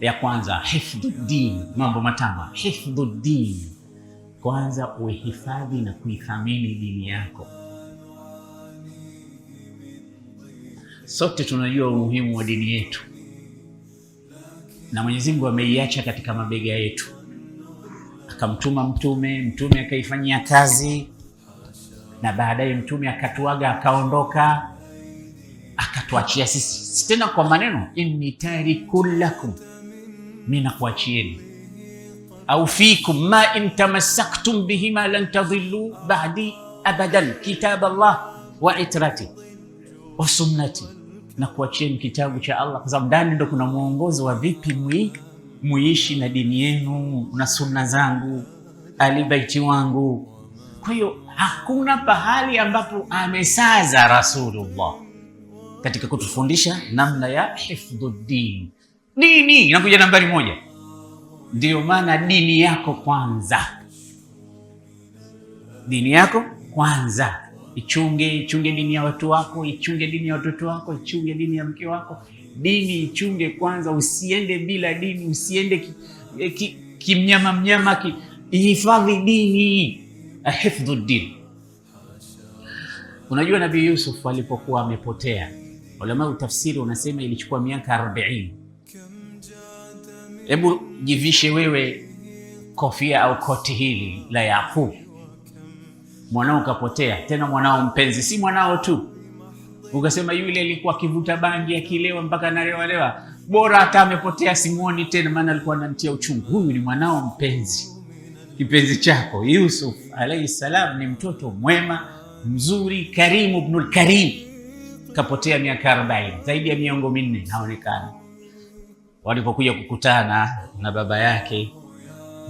ya kwanza hifdhuddin, mambo matano. Hifdhuddin, kwanza uhifadhi na kuithamini dini yako. Sote tunajua umuhimu wa dini yetu na Mwenyezi Mungu ameiacha katika mabega yetu, akamtuma mtume, mtume akaifanyia kazi, na baadaye mtume akatuaga, akaondoka, akatuachia sisi tena kwa maneno inni tarikul lakum mimi nakuachieni au fikum ma in tamassaktum bihima lan tadhillu ba'di abadan kitab Allah wa itrati wa sunnati, na kuachieni kitabu cha Allah, kwa sababu ndani ndo kuna mwongozo wa vipi mwi, muishi na dini yenu na sunna zangu alibaiti wangu. Kwa hiyo hakuna pahali ambapo amesaza Rasulullah katika kutufundisha namna ya hifdhuddin Dini inakuja nambari moja. Ndiyo maana dini yako kwanza, dini yako kwanza. Ichunge, ichunge dini ya watu wako, ichunge dini ya watoto wako, ichunge dini ya mke wako. Dini ichunge kwanza, usiende bila dini, usiende eh, kimnyama ki, ki mnyama ki, ihifadhi dini, hifdhu dini. Unajua Nabii Yusuf alipokuwa amepotea, ulama utafsiri unasema ilichukua miaka 40 Hebu jivishe wewe kofia au koti hili la Yakubu. Mwanao kapotea, tena mwanao mpenzi, si mwanao tu. Ukasema yule alikuwa akivuta bangi akilewa mpaka analewalewa, bora hata amepotea, simuoni tena, maana alikuwa anamtia uchungu. Huyu ni mwanao mpenzi, kipenzi chako Yusuf alaihi salam. Ni mtoto mwema, mzuri, karimu, ibnul karim. Kapotea miaka 40 zaidi ya miongo minne, haonekana walipokuja kukutana na baba yake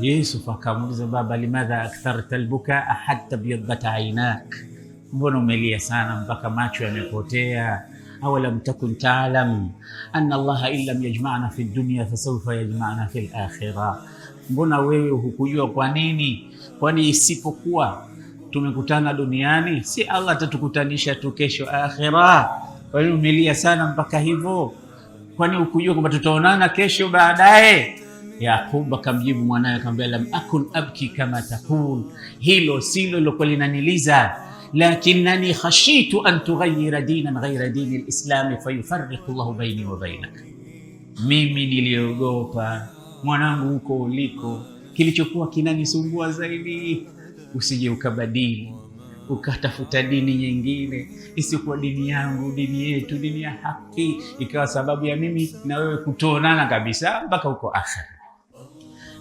Yusuf akamuuliza, baba, limadha aktharta albuka hatta byaddata ainak, mbona umelia sana mpaka macho yamepotea? Aw lam takun ta'lam anna Allaha in yajma'na fi dunya fasawfa yajma'na fi lakhira mbona wewe hukujua kwa nini? Kwani isipokuwa tumekutana duniani, si Allah atatukutanisha tu kesho akhira? Kwa nini umelia sana mpaka hivyo? kwani ukujua kwamba tutaonana kesho baadaye? yaqub akamjibu mwanawe akamwambia, lam akun abki kama takul hilo silo lilokuwa linaniliza lakinani khashitu an tughayyira dinan ghayra dini lislami fayufariqu llahu baini wa bainak, mimi niliogopa mwanangu, huko uliko kilichokuwa kinanisumbua zaidi usije ukabadili ukatafuta dini nyingine isiyokuwa dini yangu, dini yetu, dini ya haki, ikawa sababu ya mimi na wewe kutoonana kabisa mpaka huko akhera.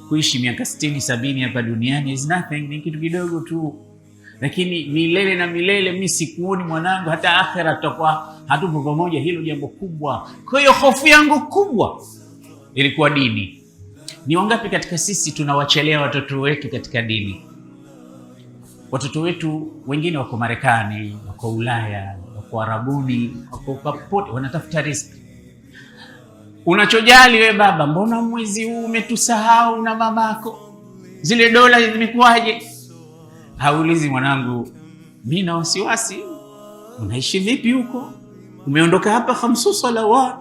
Kuishi miaka sitini sabini hapa duniani is nothing, ni kitu kidogo tu, lakini milele na milele, mi sikuoni mwanangu, hata akhera tutakuwa hatupo pamoja. Hilo jambo kubwa. Kwa hiyo hofu yangu kubwa ilikuwa dini. Ni wangapi katika sisi tunawachelea watoto wetu katika dini? watoto wetu wengine wako Marekani, wako Ulaya, wako Arabuni, wako popote, wanatafuta riziki. Unachojali we baba, mbona mwezi huu umetusahau na mamako? Zile dola zimekuwaje? Haulizi mwanangu, mi na wasiwasi, unaishi vipi huko? Umeondoka hapa hamsu salawat,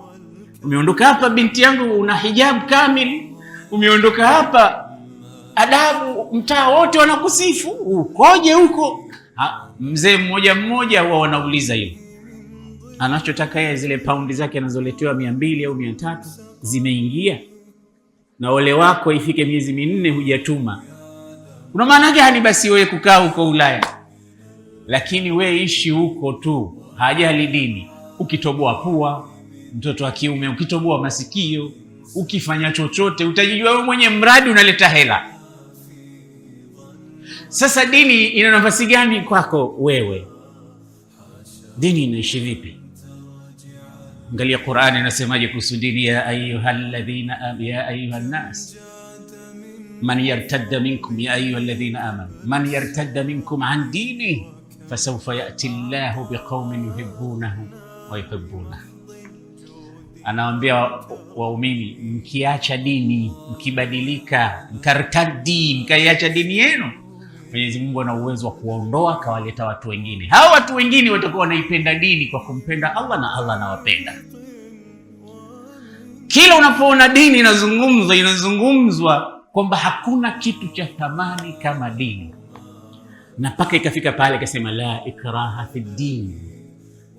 umeondoka hapa binti yangu, una hijabu kamili, umeondoka hapa adabu, mtaa wote wanakusifu ukoje huko. Mzee mmoja mmoja huwa wanauliza hiyo, anachotaka yeye zile paundi zake anazoletewa mia mbili au mia tatu zimeingia na ole wako ifike miezi minne hujatuma, kuna maana gani? Basi wewe kukaa huko Ulaya, lakini we ishi huko tu, hajali dini. Ukitoboa pua, mtoto wa kiume, ukitoboa masikio, ukifanya chochote, utajijua wewe mwenye, mradi unaleta hela. Sasa dini ina nafasi gani kwako wewe? Dini inaishi vipi? Angalia Qur'ani inasemaje kuhusu dini, ya ladhina ya nas man yartadda minkum ya ladhina amanu man yartadda minkum an dini fasawfa ya'ti Allahu biqaumin yuhibbunahu wa yuhibbuna. anawambia waumini, mkiacha dini, mkibadilika, mkartaddi, mkaiacha dini yenu Mwenyezi Mungu ana uwezo wa kuwaondoa akawaleta watu wengine. Hawa watu wengine watakuwa wanaipenda dini kwa kumpenda Allah na Allah anawapenda. Kila unapoona dini inazungumzwa, inazungumzwa kwamba hakuna kitu cha thamani kama dini, na mpaka ikafika pale ikasema la ikraha fi dini,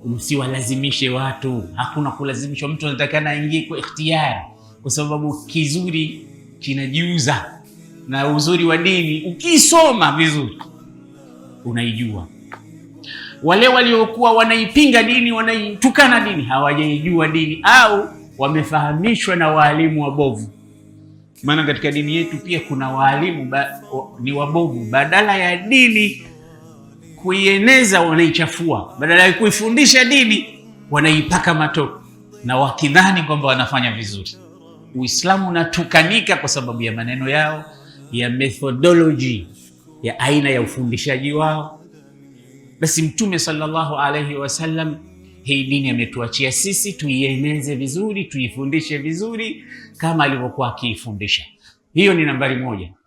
msiwalazimishe watu. Hakuna kulazimishwa, mtu anatakana aingie kwa ikhtiyari, kwa sababu kizuri kinajiuza na uzuri wa dini ukisoma vizuri unaijua. Wale waliokuwa wanaipinga dini, wanaitukana dini, hawajaijua dini au wamefahamishwa na waalimu wabovu. Maana katika dini yetu pia kuna waalimu ba, ni wabovu. Badala ya dini kuieneza wanaichafua, badala ya kuifundisha dini wanaipaka matope na wakidhani kwamba wanafanya vizuri. Uislamu unatukanika kwa sababu ya maneno yao ya methodology ya aina ya ufundishaji wao. Basi Mtume sallallahu alaihi wasallam, hii dini ametuachia sisi tuieneze vizuri, tuifundishe vizuri kama alivyokuwa akiifundisha. Hiyo ni nambari moja.